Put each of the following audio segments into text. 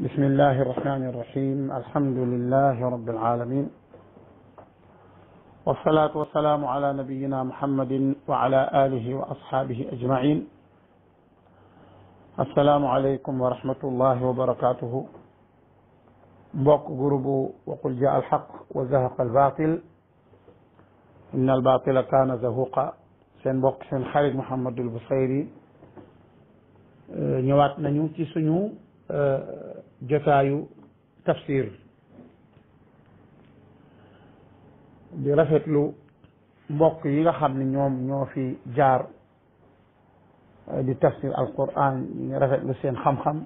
بسم الله الرحمن الرحيم الحمد لله رب العالمين والصلاة والسلام على نبينا محمد وعلى آله وأصحابه أجمعين السلام عليكم ورحمة الله وبركاته بوك جروب وقل جاء الحق وزهق الباطل إن الباطل كان زهوقا سين بوك سين خالد محمد البصيري نيوات نانيو سي سونو jotaayu tafsir di rafetlu mbokk yi nga xam ne ñoom ñoo fi jaar eh, di tafsir alquran ñu ngi rafetlu seen xam-xam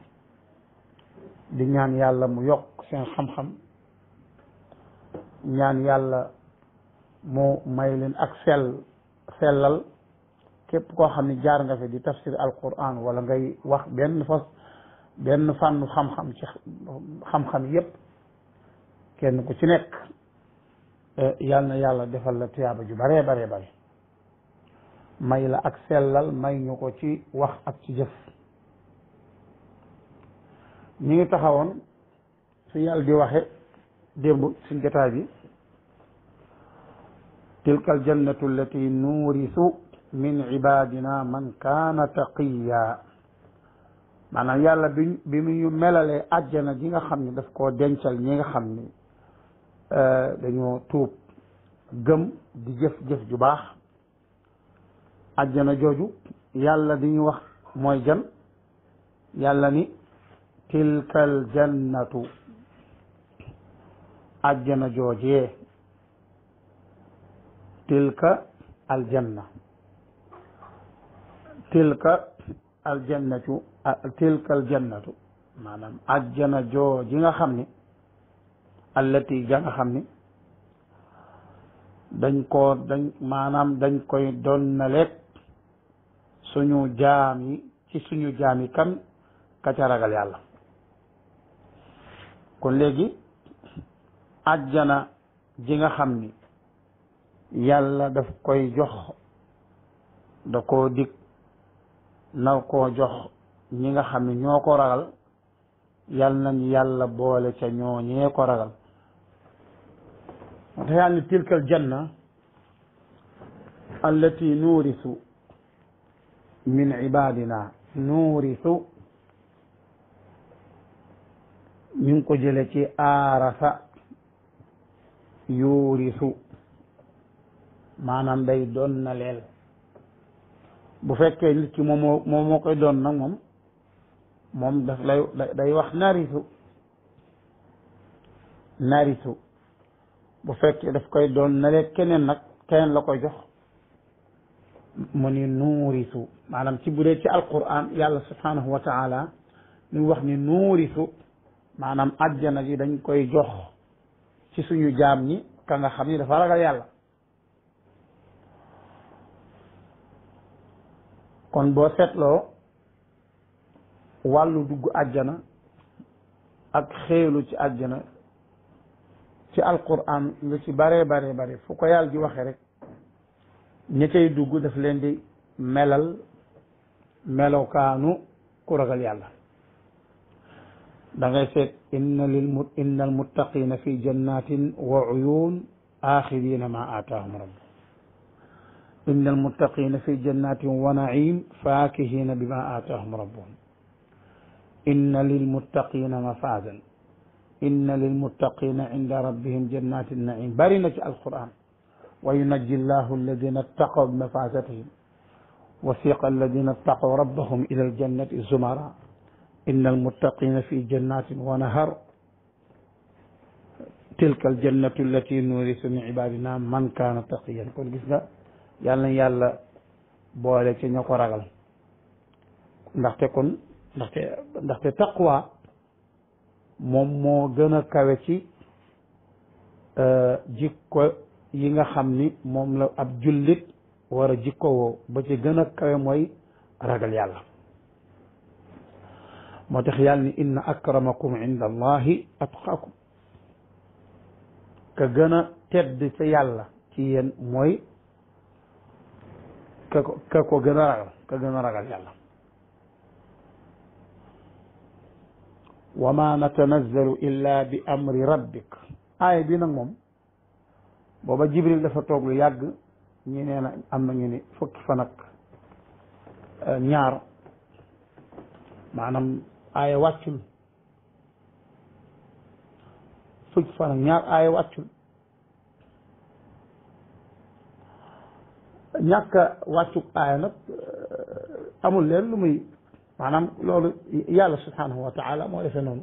di ñaan yàlla mu yokk seen xam-xam ñaan yàlla mu may leen ak sell sellal képp koo xam ne jaar nga fi di tafsir alquran wala ngay wax benn fas benn fànnu xam-xam ci xam-xam yépp kenn ku ci nekk eh, yal na yàlla defal la tuyaaba ju baree baree bare may la ak sellal may ñu ko ci wax ak ci jëf ñu ngi taxawoon su yàlla di waxe démb suñ jotaay bi tilkal jannatu allati nuurisu min ibadina man kaana taqiya maanaam yàlla bi bi mu ñu melalee àjjana gi nga xam ni daf koo dencal ñi nga xam ni euh, dañoo tuub gëm di jëf jëf ju baax àjjana jooju yàlla di ñu wax mooy jan yàlla ni tilkal jannatu àjjana joojee tilka aljanna tilka aljannatu tilka aljannatu maanaam ajjana joo ji nga xam ni allati ja nga xam ni dañ koo dañ maanaam dañ koy doon na suñu jaam yi ci suñu jaam yi kan ka ca ragal yàlla kon léegi ajjana ji nga xam ni yàlla daf koy jox da koo dig naw koo jox ñi nga xam ne ñoo ko ragal yal nañu yàlla boole ca ñoo ñee ko ragal moo tax yàlla ni tilkal janna allati nuurisu min ibadina nuurisu ñu ngi ko jële ci aarasa yuurisu maanaam bay doon na leel bu fekkee nit ki moom moo moo koy doon nag moom moom daf lay day wax narisu narisu bu fekkee daf koy doon na leen keneen nag keneen la koy jox mu ni nuurisu maanaam ci bu dee ci alquran yàlla subhanahu wa taala ñu wax ni nuurisu maanaam àjjana ji dañ koy jox ci suñu jaam ñi ka nga xam ni dafa ragal yàlla kon boo seetloo wàllu dugg àjjana ak xeelu ci àjjana ci alquran lu ci bare bare bare fu ko yàlla di waxe rek ña dugg daf leen di melal melokaanu ku ragal yàlla da ngay seet inna lil inna al muttaqina fi jannatin wa uyun axirina ma aataahum rabbi inna almuttaqina fi jannatin wa naim faakihina bima aataahum rabbuhum inna lilmuttaqina mafaadan inna lilmuttaqina inda rabbihim jannati naim bari na ci alquran wa yunajji llahu alladina ittaqaw bi mafaasatihim wasiqa alladina ittaqaw rabbahum ila aljannati zumara inna almuttaqina fi jannatin wa nahar tilka aljannatu allati nurisu min ibadina man kaana taqiyan kon gis nga yàlla na yàlla boole ci ña ko ragal ndaxte kon ndaxte ndaxte taqwa moom moo gën a kawe ci euh, jikko yi nga xam ni moom la ab jullit war a jikko woo ba ci gën a kawe mooy ragal yàlla moo tax yàlla ni inna akramakum inda allahi atqaakum ka gën a tedd ca yàlla ci yéen mooy ka ko gën a ragal ka gën a ragal yàlla wa ma natanazzalu illa bi amri rabbik aaya bi nag moom booba jibril dafa toog lu yàgg ñi nee na am na ñu ni fukki fan ak euh, ñaar maanaam aaya wàccul fukki fan ñaar aaya wàccul ñàkk a wàccug aaya euh, amul leen lu muy maanaam loolu yàlla subhanahu wa taala moo defee noonu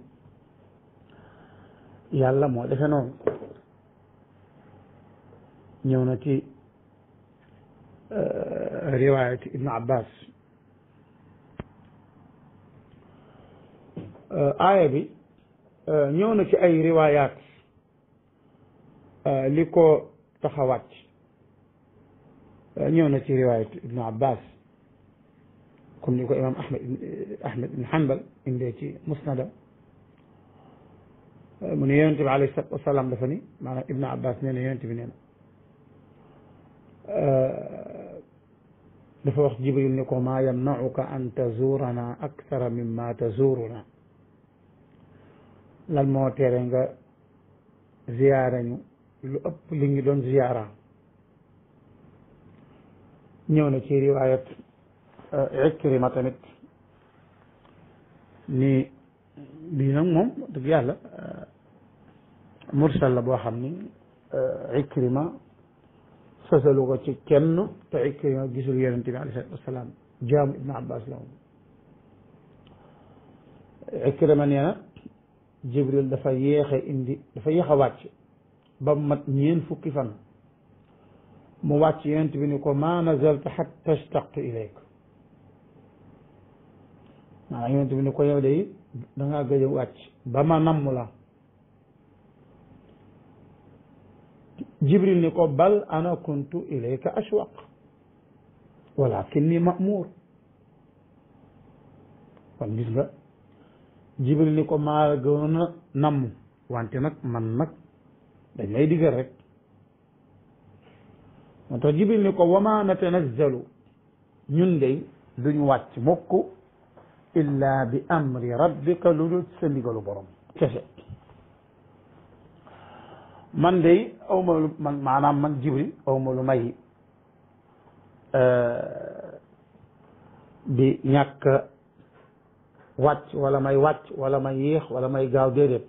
yàlla moo defee noonu ñëw na ci euh, riwaayati ibnu euh, bi ñëw na ci ay riwaayaat li ko tax ñëw na ci riwaayat ibnu abbas comme ni ko imaam ahmad eh, ahmad ibn hanbal indee ci musnada mu ne yonente bi alayhi salaatu wasalaam dafa ni maanaam ibnu abbas nee na yonente bi nee na eh, dafa wax jibril ni ko maa yamnauka an tazuurana akthara mimma tazuuruna lan moo tere nga ziyaara ñu lu ëpp li ñu doon ziyaara ñëw na ci riwaayat eh, Ikrima tamit ni bii nag moom dëgg yàlla eh, mursal la boo xam ni eh, Ikrima sësalu ko ci kenn te Ikrima gisul yonent bi alayhi salaatu wasalaam jaamu Ibnu Abbas la moom dafa yéex a indi dafa yéex a wàcc ba mu mat ñeen fukki fan mu wàcc yent bi ni ko ma nazalta xatta staqtu ilayk maanaam bi ni ko yow de da ngaa gëj a wàcc ba ma namm la jibril ni ko bal ana kuntu ilayka ashwaq walakinni mamuur jibril ni ko maa gënoon a namm wante nag man nag day lay digal rek moo tax jibil ni ko wama natanazzalu ñun dey duñu wàcc mukk illa bi amri rabbika lu dul sa ndigalu borom kese man dey awma lu man maanaam man jibril awma lu may eh, di ñàkk wàcc wala may wàcc wala may yéex wala may gaaw déedéet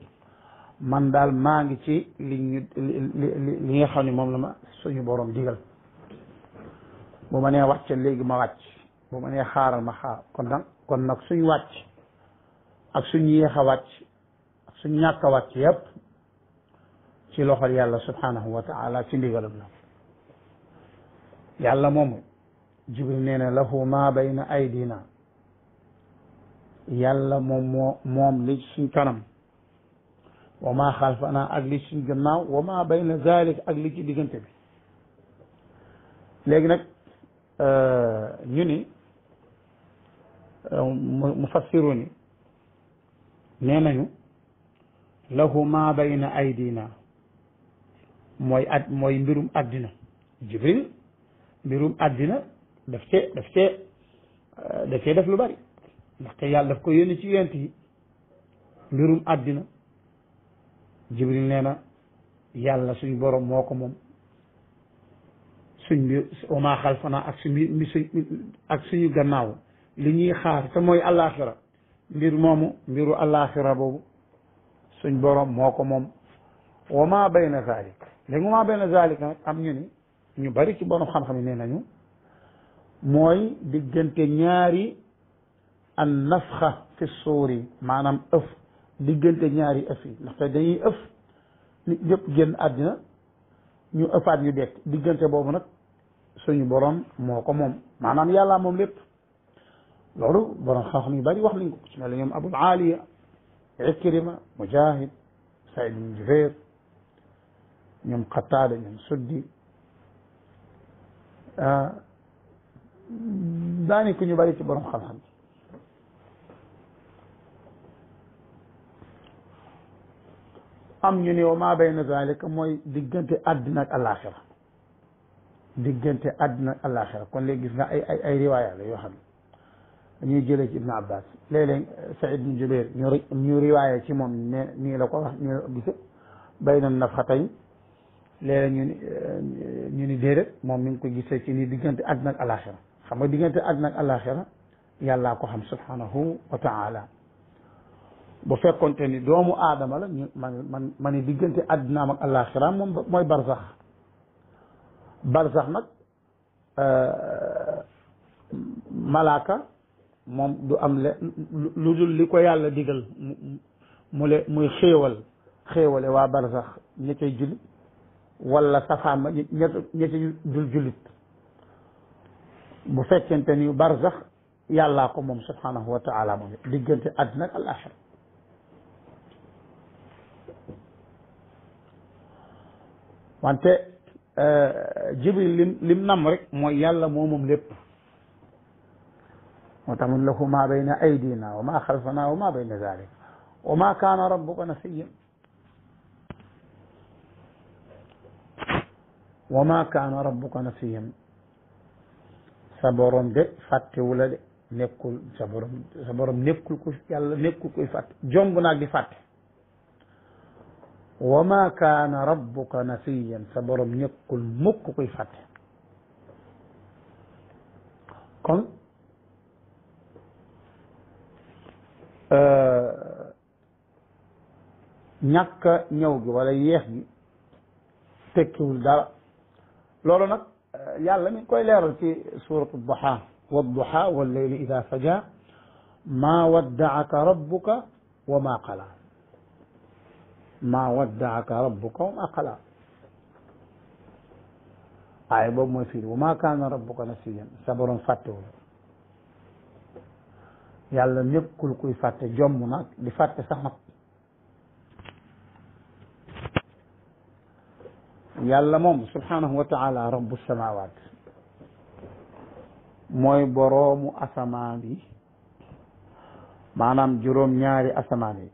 man daal maa ngi ci li ñu li li nga xam ne moom la ma suñu borom digal bu ma nee wàcc léegi ma wàcc bu ma nee xaaral ma kon nag kon nag suñ wàcc ak suñ yéex a ak suñ ñàkk a wàcc yépp ci loxol yàlla subhanahu wa taala ci ndigalam la yàlla moom jibril nee na lahu ma bayna aydina yàlla moom moom li suñ kanam wa ma xalfana ak li suñ gannaaw wa ma bayna zalik ak li ci diggante bi ñu ni euh, mufassiru ni nee nañu lahu ma ay aydina mooy ad mooy mbirum àddina jibril mbirum àddina daf cee daf cee euh, daf cee def lu bari ndaxte yàlla daf ko yónni ci yent yi mbirum àddina jibril nee na yàlla suñu borom moo ko moom suñ bi oma xalfanaa ak ak suñu gannaaw li ñuy xaar te mooy allaaxira mbir moomu mbiru allaaxira boobu suñ borom moo ko moom wa maa bayna zalik léegi maa bayna zalik nag am ñu ni ñu bari ci borom xam-xam yi nee nañu mooy diggante ñaari an nafxa fi suuri maanaam ëf diggante ñaari ëf yi ndaxte dañuy ëf nit ñëpp génn àddina ñu ëppaat ñu dekk diggante boobu nag suñu borom moo ko moom maanaam yàllaa moom lépp loolu borom xam-xam yu bari wax nañ ko ci mel ne ñoom Abul Aliya Ikrima Mujahid Saïd bin Jubair ñoom Qatada ñoom Suddi ah, daani ku bari ci borom xam am ñu ne wa maa bayna zalika mooy diggante àddina ak alaxira diggante àddina ak alaxira kon léegi gis nga ay ay ay riwaaya la yoo xam ne ñuy jële ci Ibn Abbas léeg-léeg Saïd ibn ñu riwaaya ci moom ne nii la ko wax nii la ko gise bayna nafxatayn léeg-léeg ñu ni euh, ñu ni déedéet moom mi ngi ko gisee ci ni diggante àddina ak alaxira xam nga diggante àddina ak alaxira yàllaa ko xam subhanahu wa bu fekkonte ni doomu aadama la ñu man man ma ni diggante àddinaam ak àllaaxiraam moom mooy barsax barsax nag euh, malaaka moom du am le lu dul li ko yàlla digal mu le muy xéewal xéewale waa barsax ña cay jullit wala safaama ña ña cay dul jullit bu fekkente ni barsax yàllaa ko moom subhaanahu wa moom diggante àddina ak wante euh, jibril lim lim nam rek mooy yàlla moo moom lépp moo tax mun lahu ma bayna aydina wa ma xalfana wa ma bayna dalik wa ma kaana rabbuka nasiyan wa ma kaana rabbuka nasiyan sa borom de fàttewula de nekkul sa borom sa borom nekkul ku yàlla nekkul kuy fàtte jomb naag di fàtte wa ma kaana rabbuka nasiyan sa borom ñëkkul mukk kuy fàtte kon euh, ñàkk ñëw gi wala yeex gi tekkiwul dara loolu nag euh, yàlla mi ngi koy leeral ci suratu duha wadduha walleyli ida saja maa waddaaka rabbuka wa ma qala maa waddaaka rabbuka wa maa qalaa waaye boobu mooy firi wa kaana rabbuka nasiyan sa borom fàttewul yàlla nekkul kuy fàtte jommu nag di fàtte sax nag yàlla moom subhaanahu wa taala rabbu samawaat mooy boroomu asamaan yi maanaam juróom ñaari asamaan yi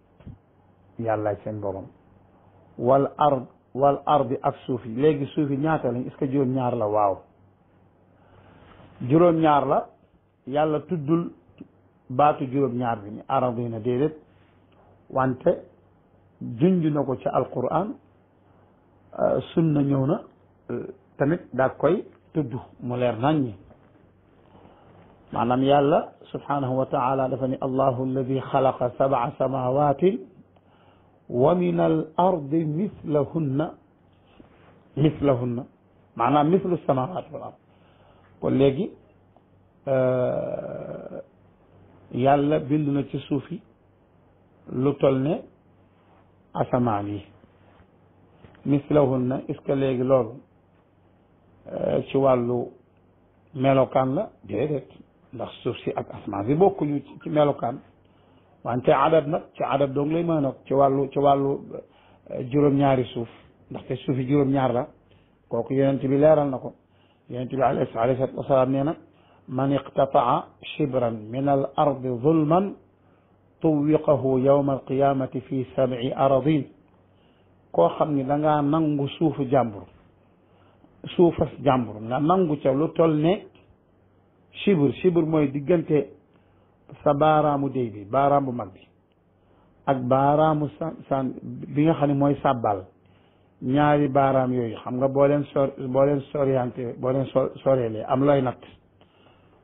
yàlla seen borom wal ard wal ardi ak suuf yi léegi suuf yi ñaata lañ est-ce que juróom-ñaar la waaw juróom-ñaar la yàlla tuddul baatu juróom-ñaar bi ni aradi na déedéet wante junj na ko ci alquran euh, sunna ñëw na euh, tamit daa koy tudd mu leer nañ ñi maanaam yàlla subhanahu wa taala dafa ni allahu alladi xalaqa sabaa samawatin wa min al ardi mislahunna mislahunna maanaam mislu samawaati wal ard kon léegi euh, yàlla bind na ci suuf yi lu toll ne asamaan yi mislahunna na ce que léegi loolu euh, ci wàllu melokaan la déedéet ndax suuf si ak asamaan si bokkuñu ci melokaan wante adab nag ci adab dong lay mën a ci wàllu ci wàllu eh, juróom-ñaari suuf ndaxte suufi juróom-ñaar la kooku yonent bi leeral na ko yonent bi alayhi salaatu wasalaam nee na man iqtataa shibran min al ardi zulman tuwiqahu yawma alqiyamati fi sab'i aradin koo xam ni da ngaa nangu suufu jàmbur suufas jàmbur nga nangu ca lu toll ne shibr shibr mooy diggante sa baaraamu déy bi baaraam bu mag bi ak baaraamu sa san bi nga xam ne mooy sàbbal ñaari baaraam yooyu xam nga boo leen sor boo leen sorienté boo leen so soreelee am looy natt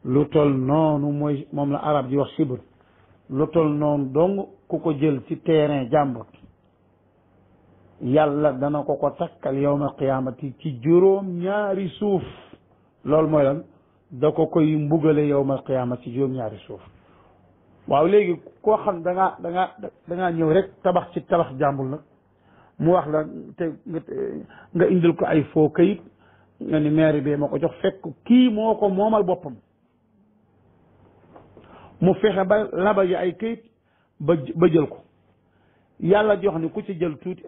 lu tol noonu mooy moom la arab di wax sibr lu tol noonu dong ku ko jël ci terrain jàmbur yàlla dana ko ko takkal yawmal qiyaamati ci juróom ñaari suuf loolu mooy lan da ko koy mbugale yawmal qiyaamati ci juróom ñaari suuf waaw léegi koo xam da danga da ñëw rek tabax ci tabax jàmbul nag mu wax la te nga indil ko ay foo kayit nga ni maire ma ko jox fekk kii moo ko moomal boppam mu fexe ba laba ay kayit ba jël ko yàlla jox ni ku ci jël tuuti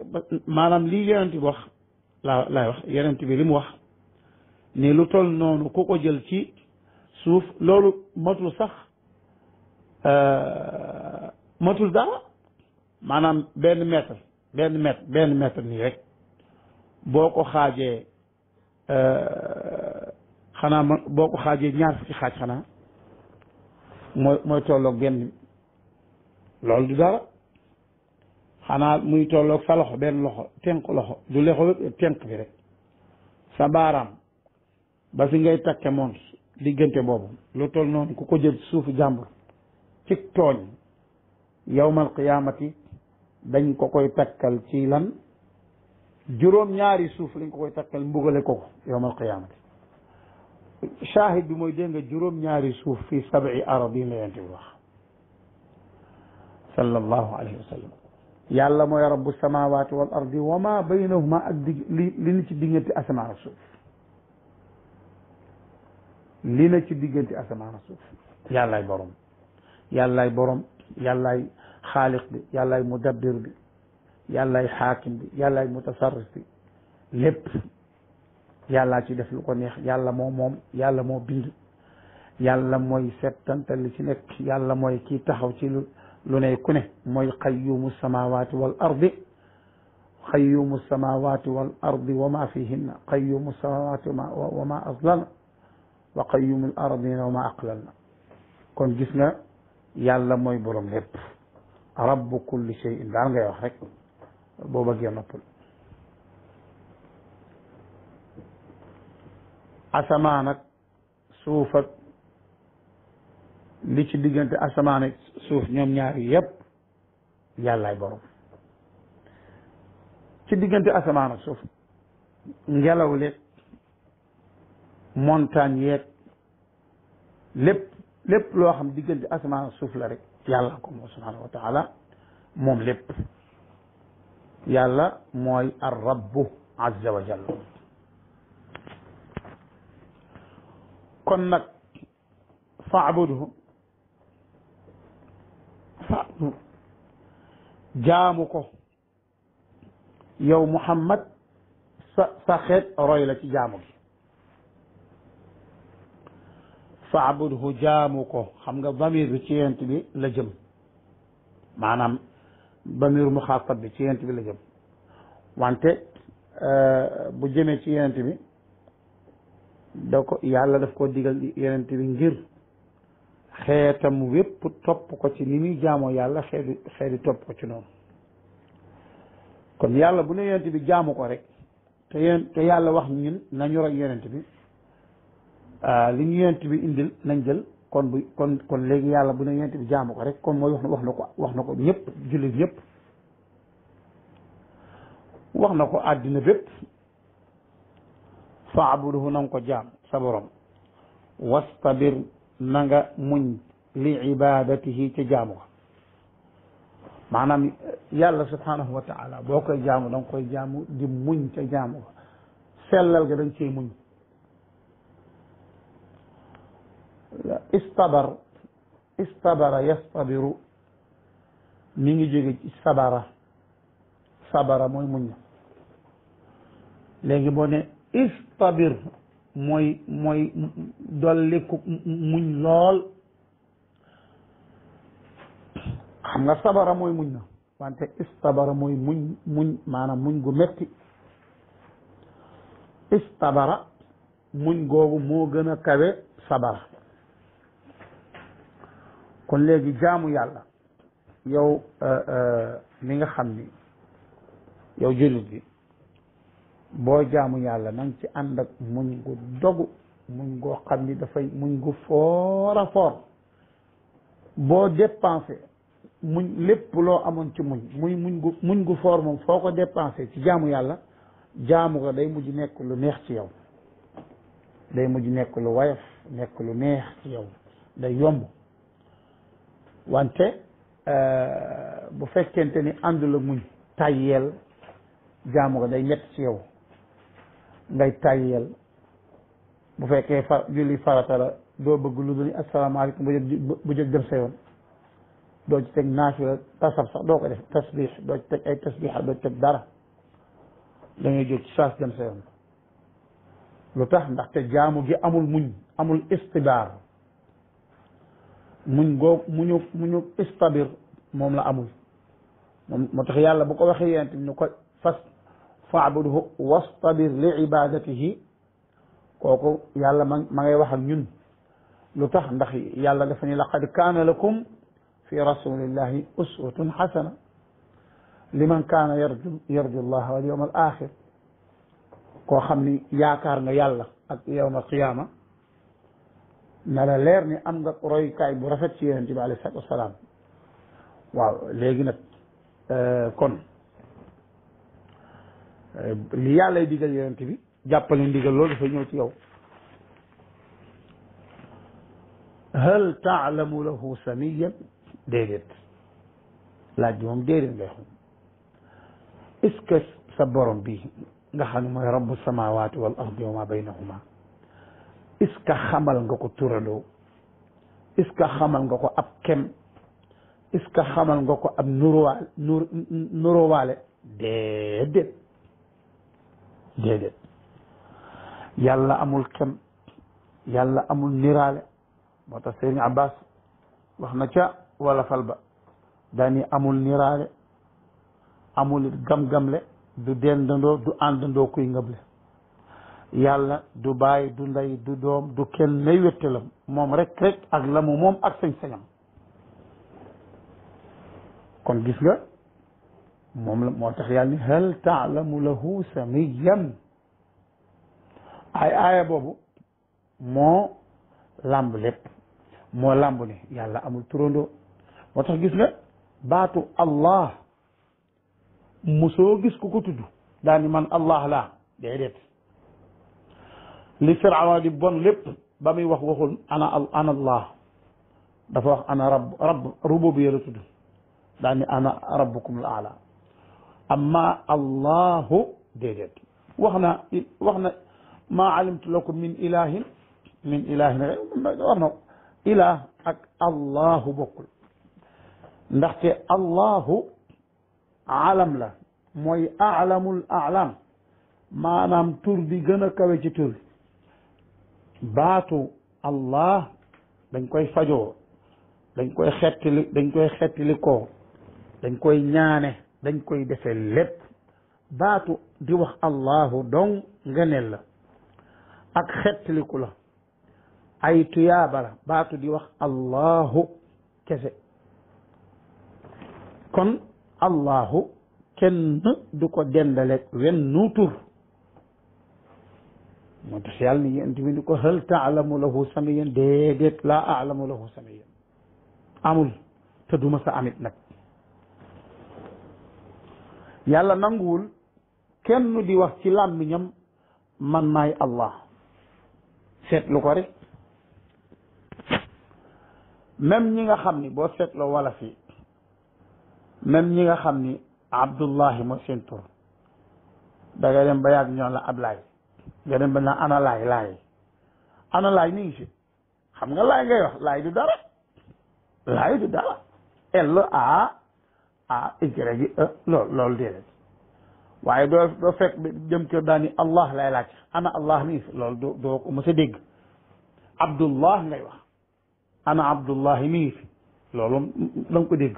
maanaam lii yonent bi wax laa laay wax yonent bi li mu wax ni lu toll noonu ku ko jël ci suuf loolu matul sax Euh, matul dara maanaam benn mètre benn metre benn mètre nii rek boo ko xaajee euh, xanaa ma boo ko xaajee ñaar fukki xaaj xanaa mooy mooy tolloog benn loolu du xanaa muy tolloog sa loxo benn loxo tenk loxo du lexo tenk bi rek sa baaraam ba si ngay takke moom diggante boobu lu toll noonu ku ko jël suufu jàmbur ci tooñ yawmal qiyaamati dañ ko koy takkal ci lan juróom ñaari suuf lañ ko koy takkal mbugale ko yawmal qiyaamati shahid bi mooy dégg nga juróom ñaari suuf fi sabi arab yi la yonent bi wax sallallahu alayhi wa yàlla mooy rabbu samawati wal ardi wa ma ak dig li li na ci diggante asamaan ak suuf li na ci diggante asamaan ak suuf yàllaay borom yàllaay borom yàllaay xaaliq bi yàllaay mudabbir bi yàllaay xaakim bi yàllaay mutasarrif bi lépp yàllaa ci def lu ko neex yàlla moo moom yàlla moo bind yàlla mooy settantal li ci nekk yàlla mooy kii taxaw ci lu lu ne ku ne mooy qayyumu samawati wal ardi qayyumu samawati wal ardi wa ma fihinna qayyumu samawati wa ma aslalna wa qayyumu al ardina wa ma aqlalna kon gis nga yàlla mooy boroom lépp rabbu kulli shay'in daal ngay wax rek boo bëggee noppal asamaan ak li ci diggante asamaan ak suuf ñoom ñaar yépp yàllaay borom ci diggante asamaan ak suuf ngelaw leeg montagne yeeg lépp lépp loo xam diggante asamaan suuf la rek yàlla ko moom subhaanahu wa taala moom lépp yàlla mooy ar rabbu azza wa jalla kon nag faabuduhu faabudu jaamu ko yow Muhammad sa sa xeet roy la ci jaamu gi faabudhu jaamu ko xam nga bamir bi ci yent bi la jëm maanaam bamir mu xaafat bi ci yent bi la jëm wante euh, bu jëmee ci yent bi da ko yàlla def ko digal yent bi ngir xeetam wépp topp ko ci ni muy jaamoo yàlla xeetu xeeti topp ko ci noonu kon yàlla bu ne yent bi jaamu ko rek te yàlla wax ñun nañu roy yent bi Euh, li ñu yent bi indil nañ jël kon bu kon kon léegi yàlla bu ne yent bi jaamu ko rek kon mooy wax wax na ko wax na ko ñëpp jullit ñëpp wax na ko àddina bépp faabuduhu na nga ko jaam sa boroom wastabir na nga muñ li ibadatihi ca jaamu ko maanaam yàlla subhanahu wa taala boo koy jaamu da nga koy jaamu di muñ ca jaamu ko sellal ga dañ cee muñ istabar istabara yastabiru mi ngi jóge ci sabara sabara mooy muñ na léegi bone ne istabir mooy mooy dolli ku muñ lool xam nga sabara mooy muñ na wante istabara mooy muñ muñ maanaam muñ gu metti istabara muñ googu moo gën a kawe sabara kon léegi jaamu yàlla yow euh, euh, mi nga xam ni yow jullit bi boo jaamu yàlla na nga ci ànd ak muñ gu dogu muñ goo xam ni dafay muñ gu foor a foor boo dépensé muñ lépp loo amoon ci muñ muñ gu foor moom foo ko dépensé ci jaamu yàlla jaamu ko day mujj nekk lu neex ci yow day mujj nekk lu woyof nekk lu neex ci yow day yomb wante euh, bu fekkente ni àndul ak muñ tàyyeel jaamu ko day ñett ci yow ngay tàyyeel bu fekkee fa julli farata la doo bëgg lu dul asalaamaaleykum bu jóg bu jóg dem sa yoon doo ci teg naafila tasab sax doo ko def doo ci teg ay tasbixa doo ci teg dara da ngay jóg ci saas dem sa yoon lu tax ndaxte jaamu gi amul muñ amul istibaar muñ goog muñu muñu istabir moom la amul moom moo tax yàlla bu ko waxee yonent bi ñu ko fas faabudhu wastabir li ibadatihi kooku yàlla ma ma ngay wax ak ñun lu tax ndax yàlla dafa ni laqad kaana lakum fi rasulillahi uswatun xasana liman kaana yarju yarju llaha wal yawm al axir koo xam ni yaakaar nga yàlla ak yawm al qiyaama na la leer ni am nga royukaay bu rafet ci yonent bi alayhi salaatu wasalaam waaw léegi nag euh, kon euh, li yàllay digal yonent bi jàppale ndigal loolu dafa ñëw ci yow hal taalamu lahu samiyan déedéet laaj bi moom déedéet ngay xam est-ce que sa borom bi nga xam ne mooy rabbu samawati wal ardi wa ma baynahuma est ce que xamal nga ko turandoo est ce que xamal nga ko ab kem est ce que xamal nga ko ab nuruwaale nur nuruwaale déedéet déedéet yàlla amul kem yàlla amul niraale moo tax Serigne wax na ca wala fal ba daani amul niraale amul it gam-gamle du dendandoo du àndandoo kuy ngëble yàlla du baay du ndey du doom du kenn nay wéttalam moom rek rek ak la moom ak sañ-sañam kon gis nga moom la moo tax yàlla ni hal taalamu lahu samiyan ay aaya boobu moo làmb lépp moo làmb ne yàlla amul turandoo moo tax gis nga baatu allah musoo gis ku ko tudd daa man allah laa déedéet li firawa di bon lépp ba muy wax waxul ana al ana allah dafa wax ana rabb rabb rububiyya la tudd daa ni ana rabbukum al aala amma allahu déedéet wax na wax na maa alimtu lakum min ilahin min ilahin wax na ilah ak allahu bokkul ndaxte allahu alam la mooy alamul alam maanaam tur bi gën a kawe ci tur bi baatu allah dañ koy fajoo dañ koy xettili dañ koy xettili dañ koy ñaane dañ koy defe lépp baatu di wax allahu dong ngeneel la ak xettiliku la ay tuyaaba baatu di wax allahu kese kon allahu kenn du ko dendaleeg wenn nu moo tax yàlla ni yéen tamit ni ko hal taalamu lahu samiyan déedéet laa alamu lahu samiyan amul te du ma sa amit nag yàlla nanguwul kenn di wax ci ñam man maay allah seetlu ko rek même ñi nga xam ni boo seetloo wala fi même ñi nga xam ni abdullahi moo seen tur dem ba yàgg ñoon la ablaay nga dem ba naa ana laay laay ana laay mi ngi si xam nga laay ngay wax laay du dara laay du dara L A A Y gi e, loolu loolu déedéet waaye fekk jëm kër daani Allah lay laaj ana Allah mi ngi si loolu doo doo ko a dégg Abdullah ngay wax ana Abdullah mi ngi loolu da nga ko dégg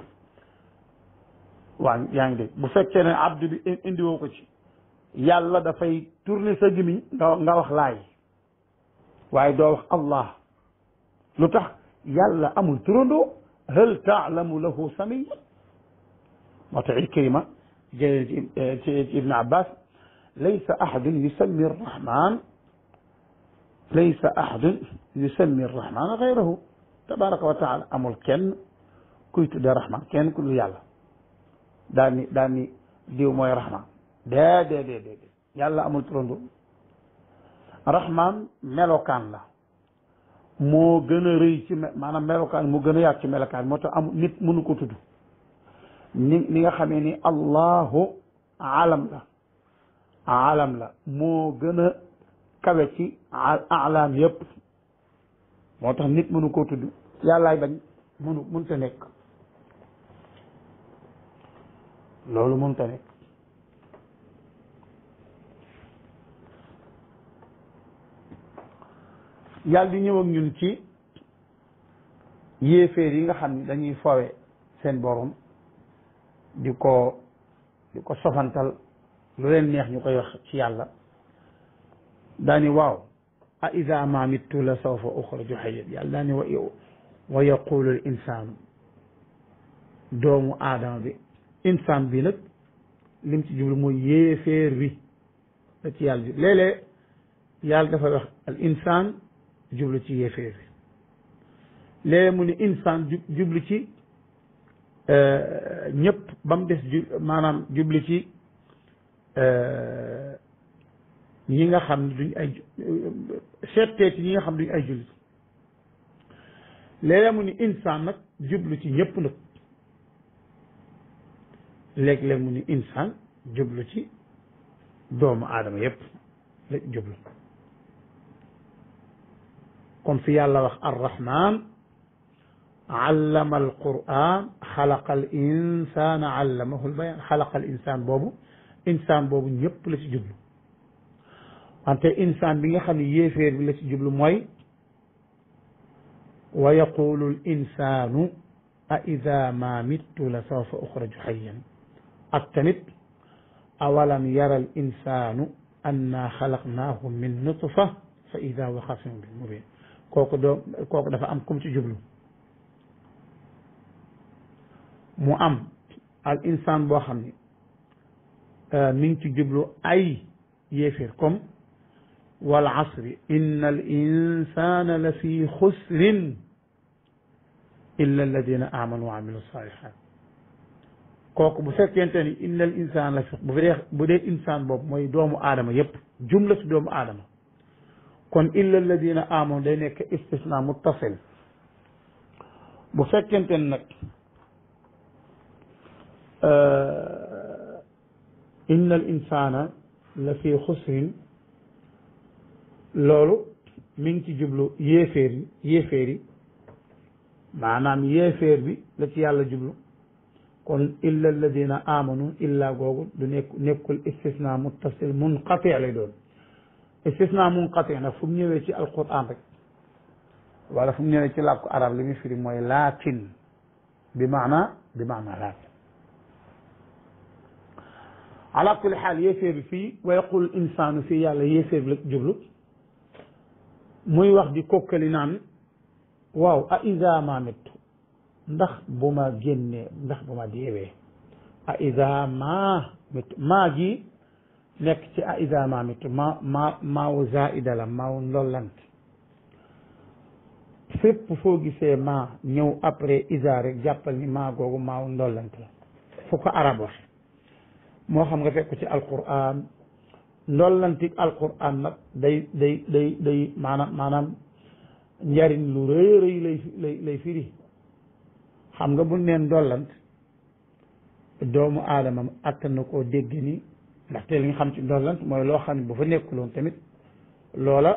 waa yaa ngi dégg bu fekkee ne ko ci yàlla dafay tourner sa gémmiñ nga nga wax laay waaye doo wax allah lu tax yàlla amul turandoo hal taalamu lahu samiya moo tax ikrima jëlee eh, ci ci ibne abbas laysa ahadun yusammi arrahman laysa ahadun yusammi arrahman gayrahu tabaraka wa taala amul kenn kuy tudde rahman kenn ku dul yàlla daan ni daan ni diw mooy rahman dee dee dee dee yàlla amul turando rahman melokaan la moo gën a rëy ci maanaam melokaan mu gën a yaat ci melokaan moo tax amul nit mënu koo tudd ni ni nga xamee ni allahu alam la alam la moo gën a kawe ci alaam yépp moo tax nit mënu koo tudd yàllaay bañ mënu mënta nekk loolu mënta nekk yàlla di ñëw ak ñun ci yéeféer yi nga xam ne dañuy foowe seen borom di ko di ko sofantal lu leen neex ñu koy wax ci yàlla daani waaw a ida ma mittu la sawfa uxraju xayat yàlla daani wa wa yaqulu l insaan doomu aadama bi insaan bi nag lim ci jublu mooy yéeféer bi la ci yàlla bi léeg yàlla dafa wax al insaan jublu ci yéeféer bi léeg mu ni insaan jublu ci euh, ñëpp ba mu des maanaam jublu ci euh, ñi nga xam ne duñ ay seetteet ñi nga xam duñ ay jullit léeg mu ni insaan nag jublu ci ñëpp nag léeg-léeg mu ni insaan jublu ci doomu aadama yëpp la jublu kon fi yàlla wax arrahman allama al quran xalaqa al insana allamahu l bayan xalaqa al insaan boobu insaan boobu ñëpp la ci jublu wante insaan bi nga xam ne yéeféer bi la ci jublu mooy wa yaqulu l insanu a ida ma mittu la sawfa uxraju xayyan ak tamit awalam yara al insanu anna xalaqnaahu min nutfa fa ida huwa xasimun mubin kooku doo kooku dafa am kum ci jublu mu am al insaan boo xam ni euh, mi ngi ci jublu ay yéeféer comme wal asri inna al insana la fi xusrin illa alladina amanu wa amilu salihat kooku bu fekkente ni inna al insaan la fi bu dee bu dee insaan boobu mooy doomu aadama yépp jumla si doomu aadama kon illa alladina amanu day nekk istisna muttasil bu fekkente ne nag euh, inna al insana la fi xusrin loolu mi ngi ci jublu yéeféer yi yéeféer yi maanaam yéeféer bi la ci yàlla jublu kon illa alladina amanu illa googu du nekk nekkul istisna muttasil munqati lay doon istisna munqati ndax fu mu ñëwee ci alquran rek wala fu mu ñëwee ci làkku arab li muy firi mooy laakin bi maana bi maana laakin ala kulli xaal yéeféer bi fii wa yaqul insaanu fii yàlla yéeféer bi la jublu muy wax di kokkali naan waaw a ida ma ndax bu ma génnee ndax bu ma deewee a ida ma mittu gi nekk ci a isa maam it ma ma zaida la maawu ndollant fépp foo gisee maa ñëw après isa rek jàppal ni maa googu maawu ndollant la arab wax moo xam nga fekk ci alquran ndollantik alquran nag day day day day maanaam maanaam njariñ lu rëy lay firi xam nga bu neen ndollant doomu aadama attan na koo dégg ni ndaxte li nga xam ci ndollant mooy loo xam ne bu fa nekku nekkuloon tamit loola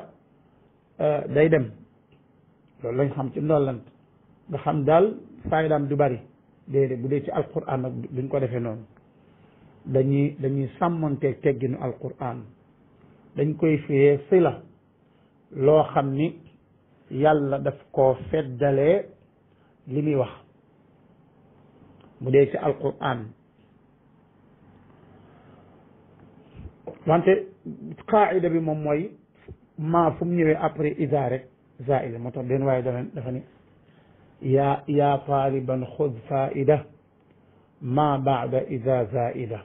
euh, day dem loolu lañ xam ci ndollant nga xam daal faydaam du bari déedéet bu dee ci alquran nag duñ ko defee noonu dañuy dañuy sàmmonteeg tegginu alquran dañ koy fiyee si la loo xam ni yàlla def koo feddalee li muy wax bu dee ci alquran wante qaida bi moom mooy maa fu mu ñëwee après isa rek zaida moo tax benn waaye dafa dafa ni yaa yaa taaliban xud faida ma baada isa zaida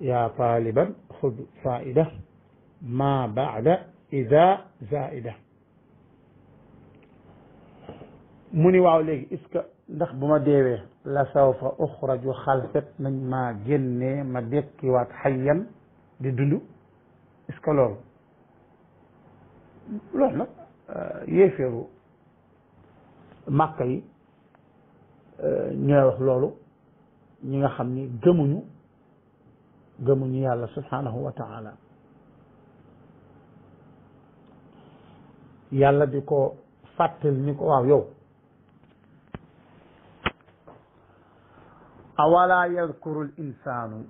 yaa taaliban xud faida ma baada isa zaida mu ni waaw léegi est-ce que ndax bu ma deewee la sawfa uxraju xalfet nañ maa génnee ma dekkiwaat xayyan di dund est-ce que loolu loolu nag euh, yéeféeru màkka yi euh, ñooy wax loolu ñi nga xam ni gëmuñu gëmuñu yàlla subhanahu wa taala yàlla di ko fàttal ni ko waaw yow awala yadkuru l insanu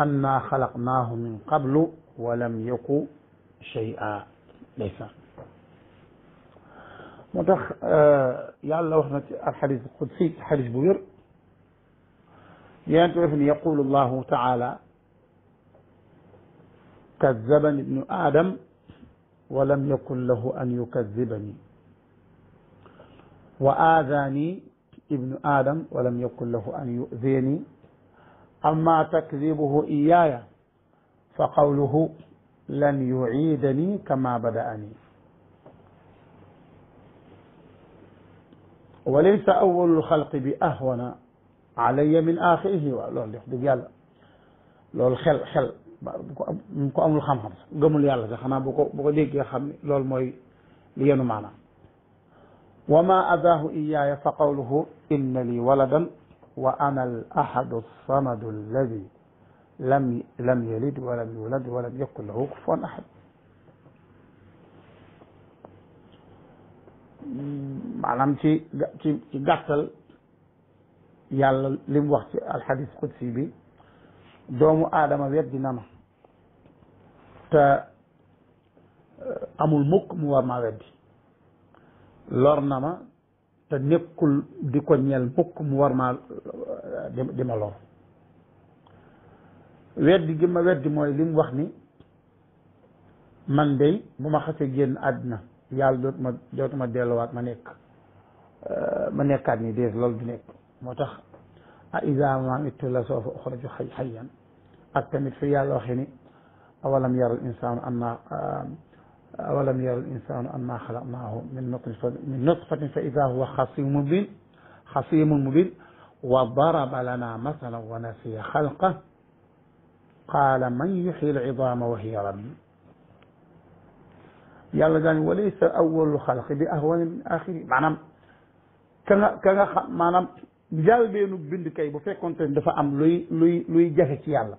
anna xalaqnaahu min qablu wa lam yaku shay'a ndeysaan moo tax yàlla wax na ci alxadis qudsi xadis bu wér yonent def ni yaqulu allahu taala kazabani ibnu adam wa lam yakun lahu an yukazibani wa aadaani ibnu adam wa lam yakun lahu an yudini أما تكذيبه إياي فقوله لن يعيدني كما بدأني وليس أول الخلق بأهون علي من آخره waaw loolu def dëgg yàlla loolu xel xel bu ko amul xam-xam sax gëmul yàlla sax xanaa bu ko bu ko déggee xam ne loolu mooy li yenu maanaam wa ma adaahu iyaaya fa qawluhu inna li waladan wa ana al ahadu samadu alladi lam lam yalid walam yulad walam yakun lahu kufuwan ahad maanaam ci ci ci gàttal yàlla li mu wax ci alxadis qudsi bi doomu aadama weddi na ma te amul mukk mu war maa weddi lor na ma te nekkul di ko ñeel mukk mu war maa euh, di ma lor weddi gi ma weddi mooy li wax ni man de bu ma xasee génn àddina yàlla dootuma dootuma delluwaat ma nekk euh, ma nekkaat ni dées loolu du nekk moo tax a iza mamittu la sawfa uxraju xayyan ak tamit fi yàlla waxee ni awalam yaral insaanu anna euh, awalam yara al-insaanu annaa xalaqnaahu min nutfatin fa idaa huwa xasiimun mubiin xasiimun mubiin wa daraba lanaa masalan wa nasiya xalqahu qaala man yuhyil idaama wa hiya ramiim yàlla daan wa laysa awwalul xalqi bi ahwani min aaxirihi maanaam ka nga ka nga xam maanaam njàlbeenu bind kay bu fekkoonte dafa am luy luy luy jafe ci yàlla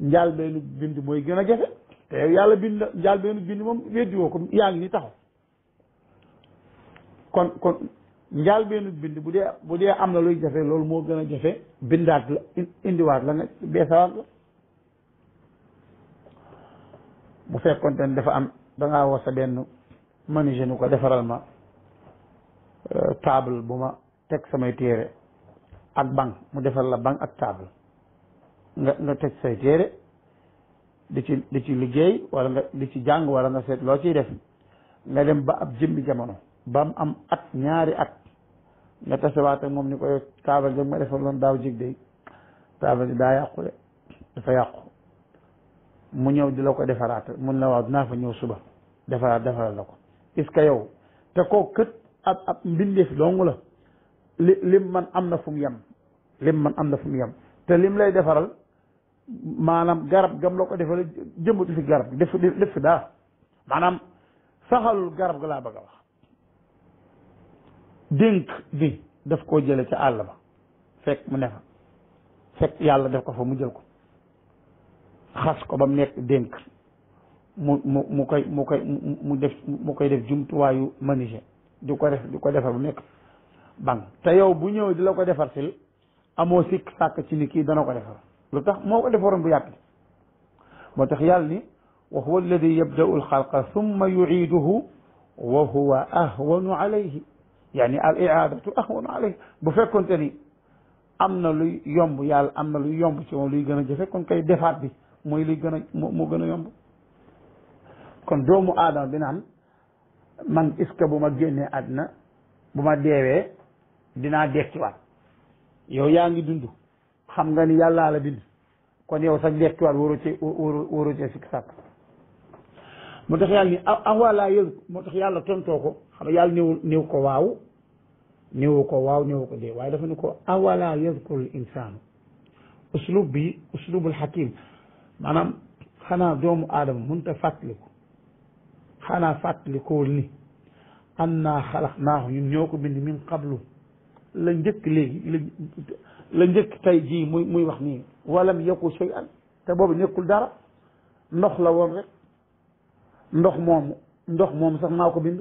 njàlbeenu bind mooy gën a jafe. yàlla bind njaal benn bind moom weddi ko yaa ngi ni taxaw kon kon njaal benn bind bu dee bu dee am na luy jafe loolu moo gën a jafe bindaat la indiwaat la nga beesawaat la bu fekkonte ne dafa am dangaa woo sa benn menuisier ko defaral ma euh, table bu ma teg samay téere ak banc mu defal la banc ak taable nga nga teg say téere di ci di ci liggéey wala nga di ci jàng wala nga seet loo ciy def nga dem ba ab jëmmi jamono ba mu am at ñaari at nga tasewaat ak moom ni ko yow taabal jëm nga defaloon daaw jig day taabal ji daa yàqu de dafa yàqu mu ñëw di la ko defaraat mun na waaw dinaa fa ñëw suba defaraat defaral la ko est yow te koo kët ab ab mbindeef dong la li lim man am na fu mu lim man am na fu mu yem te lim lay defaral maanaam garab gam la ko defee jëmbatu fi garab def def fi dara maanaam saxalul garab ga laa bëgg a wax dénk bi daf koo jële ca àll ba fekk mu ne fa fekk yàlla def ko fa mu jël ko xas ko ba mu nekk dénk mu mu mu koy mu koy mu def mu koy def jumtuwaayu menuisier du ko def di ko defar mu nekk bang te yow bu ñëwee di la ko defar sil amoo sikk sàkk ci ni kii dana ko defar lu tax moo ko defaroon bu yàgg moo tax yàlla ni wa huwa alladi yabdau alxalqa summa yuciiduhu wa huwa ahwanu alayhi yaani al iadatu ahwanu alayhi bu fekkonte ni am na luy yomb yàlla am na luy yomb ci moom luy gën a jafe kon kay defaat bi mooy luy gën a moo gën a yomb kon doomu aadama bi naan man est-ce que bu ma génnee àddina bu ma deewee dinaa dekkiwaat yow yaa ngi dund xam nga ni yàllaa la bind kon yow sax dekkiwaat wóoroo ci wóoroo wóoroo ci sikk sàkk moo tax yàlla ni awalaa yëg moo tax yàlla tontoo ko xam nga yàlla ko waaw néew ko waaw néew ko dee waaye dafa ne ko awalaa yadkurul insaanu uslub bi uslubul hakim maanaam xanaa doomu aadama mënta fàttaliku xanaa fàttalikuwul ni annaa xalaqnaahu ñun ñoo ko bind min qablu la njëkk léegi la njëkk tey jii muy muy wax nii walam yaku shay'an te boobu nekkul dara ndox la woon rek ndox moomu ndox moomu sax maa ko bind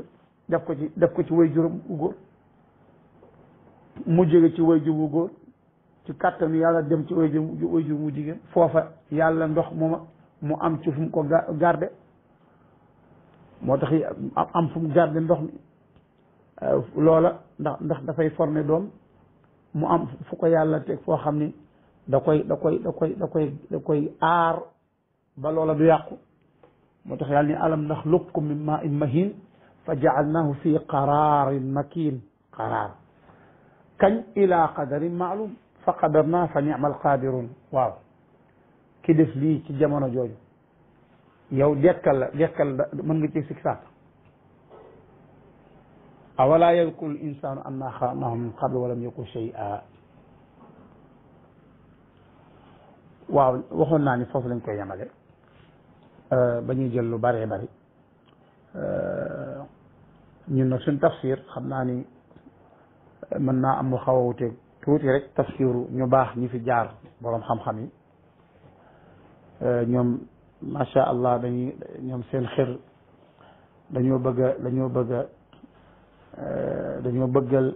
def ko ci def ko ci way juróom wu góor mu jóge ci way jur wu góor ci kàttanu yàlla dem ci way jur way jigéen foofa yàlla ndox mooma mu am ci fum ko garde moo tax am fu mu garde ndox mi loola ndax ndax dafay forme doom mu am fu ko yàlla teg foo xam ni da koy da koy koy da aar baloola loola du yàqu mu tax yàlla ni alam naxluqkum min maa in mahin fa jaalnaahu fi qaraarin makin qaraar kañ ila qadarin maalum fa qadarnaa fa ni'mal qaadirun waaw ki def lii ci jamono jooju yow dekkal la dekkal la mën nga ci awala yadkuru l insanu anna xalaqnaahu min qablu walam yaku waxoon naa ni foofu lañ koy yemale euh, ba ñuy jël lu bëree bëri euh, ñun nag suñ tafsir xam naa ni mën naa am lu xaw a wuteeg tuuti rek tafsiru ñu baax ñi fi jaar boroom xam-xam yi euh, ñoom macha allah dañuy ñoom seen xir dañoo bëgg dañoo bëgg a Euh, dañoo bëggal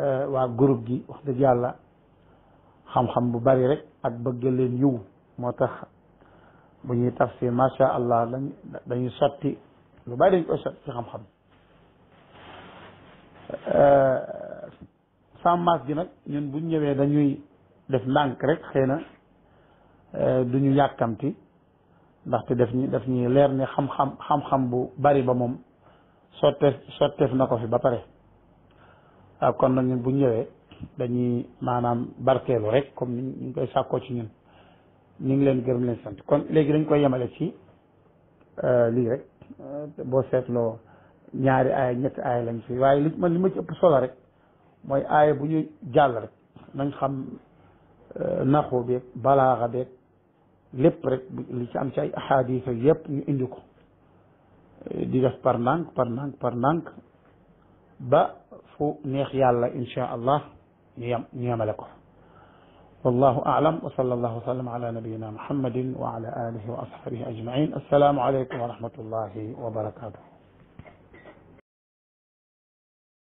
euh, waa group gi wax dëgg yàlla xam-xam bu bari rek ak bëggal leen moo tax bu ñuy tafsir macha allah dañ dañuy sotti lu bari dañ koy sotti ci xam-xam euh, sans masse gi nag ñun buñ ñëwee dañuy def ndànk rek xëy na duñu yàkkamti ndaxte daf ñu daf ñuy leer ne xam-xam xam-xam bu bari ba moom sotte sotteef sotteef na ko fi ba pare waaw ah, kon nag ñun bu ñëwee dañuy maanaam barkeelu rek comme ni ñu koy sàkkoo ci ñun ñu ngi leen gërëm leen sant kon léegi dañ koy yemale ci euh, lii rek euh, boo seetloo ñaari aaya ñetti aaya lañ fi waaye li man li ma ci ëpp solo rek mooy aay bu ñu jàll rek nañ xam euh, naxu beeg balaaxa beeg lépp rek li ci am ci ay ahadis yëpp ñu indi ko Euh, di def par ndànk par ndànk par ndànk ba fu neex yàlla insha allah ñu yem ñu yemale ko wallahu a'lam wa sallallahu wa sallam ala nabiyina muhammadin wa ala alihi wa ashabihi ajmain assalaamu aleykum wa rahmatullahi wa barakatuh